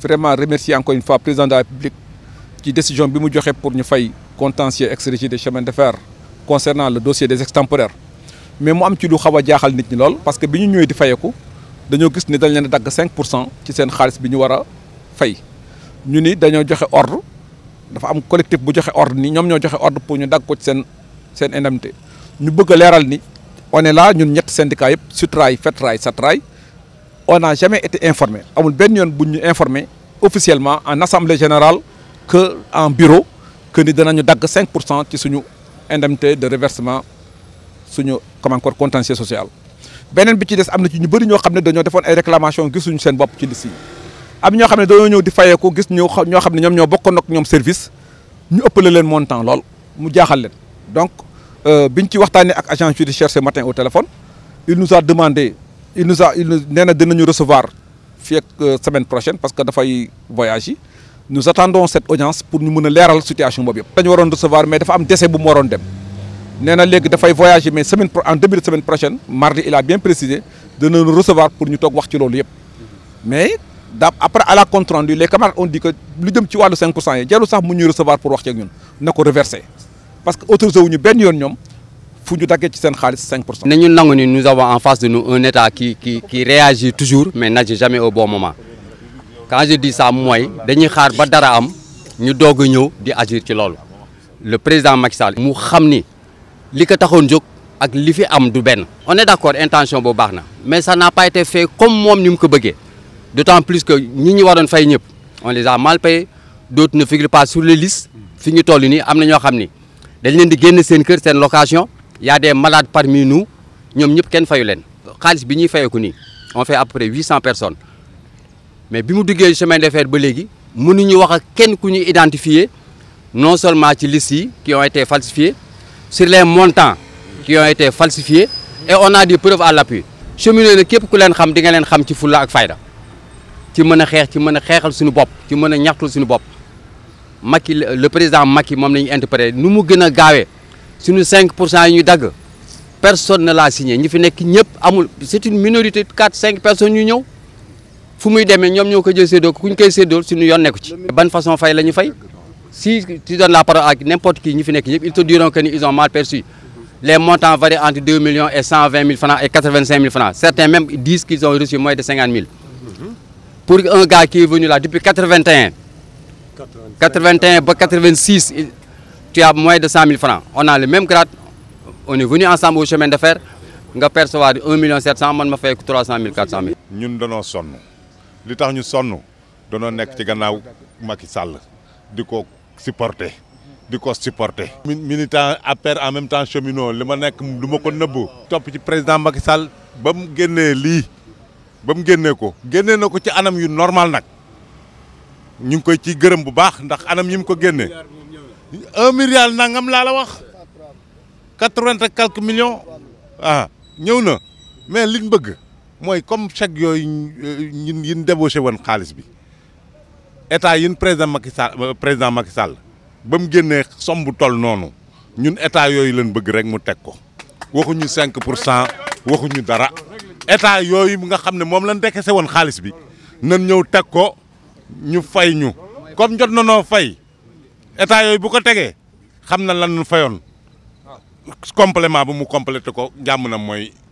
vraiment remercier encore une fois le président de la République qui décision bi mu joxe pour ñu fay contentieux ex des chemins de fer concernant le dossier des extemporaires mais mu am ci lu xawa a jaaxal nit ñi lool parce que biñu ñu di fayeku dañoo gis ni dañ leen dag 5 pour cent ci seen xaalis bi ñu war fay ñu ni dañoo joxe ordre dafa am collectif bu joxe ordre ni ñom ñoo joxe ordre pour ñu dag ko ci seen seen indemnité ñu bëgg léral ni on est là ñun ñet syndicat yëpp SUTRAI fetray SATRAI on n'a jamais été informé amul benn yoon bu ñu informé officiellement en assemblée générale que en bureau que nous danañu dagg 5 pour cent ci suñu indemnité de reversement suñu comme encore contentieux social. beneen bi ci des am na ci ñu bëri ñoo xam ne dañoo defoon ay réclamations Nous avons bopp ci liste yi am ñoo xam ne dañoo ñëw di fayeeku gis ñoo ñoo ak service ñu leen montant lool mu jaaxal leen donc euh, biñ ci waxtaanee ak agent judiciaire ce matin au téléphone il nous a demandé il nous a il nee na nous recevoir la euh, semaine prochaine parce que dafay voyager. voyager. nous attendons cette audience pour nous mën la situation bobu yëpp. dañu nous recevoir mais dafa am décès bu mu waroon dem nee légui dafay voyager mais semaine en début de semaine prochaine mardi il a bien précisé de nous recevoir pour nous tok wax ci lolu mais après à la compte rendu les camarades ont dit que lu dem ci walu 5 pour cent sax mu ñu recevoir pour wax ci ak ñun nako reverser parce que autorisé wu ñu benn yoon fu ñu daggee ci seen xaalis 5 pour cent. nañu nangu nous avons en face de nous un état qui qui qui réagit toujours mais n'agit jamais au bon moment quand je dis ça mooy dañuy xaar ba dara am ñu doog a di agir ci loolu le président Macky Sall mu xam ni li ko taxoon jóg ak li fi am du benn. on est d'accord intention boobu baax mais ça n'a pas été fait comme moom ni mu ko bëggee d'autant plus que ñi ñu waroon fay ñëpp on les a mal payé. d'autres ne figurent pas sur les listes fi ñu toll nii am na ñoo ni dañ leen di génn seen kër seen location. Il y a des malades parmi nous ñoom ñëpp kenn fayu leen xaalis bi ñuy fayeeku nii on fait à peu près huit personnes mais bi mu duggee chemin de fer ba léegi mënuñu wax ak kenn ku ñu identifier non seulement ci listes yi qui ont été falsifiés, sur les montants qui ont été falsifiés et on a des preuves à l'appui cheminots nag képp ku leen xam di nga leen xam ci fulla ak fayda ci mën a xeex ci mën a xeexal suñu bopp ci mën a suñu bopp Macky le président Macky moom la ñu interprété nu mu gën a si 5 5% ñu personne ne l'a signé ñi fi c'est une minorité de 4 5 personnes ñu ñew fu muy démé ñom ñoko jël sommes les koy si ñu ko ci. ban façon fay lañu fay si tu donnes la parole à n'importe qui ils te diront qu'ils ont mal perçu les montants varient entre 2 millions et 120 000 francs et 85 000 francs certains même disent qu'ils ont reçu moins de 50 000 pour un gars qui est venu là depuis 81 81 ba 86 tu as moins de 100 000 francs. On a le même grade. On est venu ensemble au chemin de fer. nga perçu 1 700 700 moi je fay ko 300 000 400 000. nous danoo sonn li nous son sonn Donnons nekk ci gannaaw Macky Sall di ko supporter di ko supporter. militant APR en même temps cheminot li ma nekk du ma ko nëbbu. topp ci président Macky Sall ba mu génnee lii ba mu génnee ko génnee na ko ci anam yu normal nag ñu ngi koy ci gërëm bu baax ndax anam yi ko un milliard nangam laa la wax quatre-vingt ak quelques millions ah ñëw na mais liñ bëgg mooy comme chèque yooyu ñun yin débauché woon xaalis bi état yin président Macky euh, président Macky Sall ba mu génnee somb toll noonu ñun état yooyu lañ bëgg rek mu teg ko waxuñu cinq pour cent waxuñu dara état yooyu nga xam ne moom lañ dekese woon xaalis bi nan ñëw teg ko ñu fay ñu comme jot na noo fay état yooyu bu ko tegee xam na lan fayoon ah. complément bu mu complété ko jàmm na mooy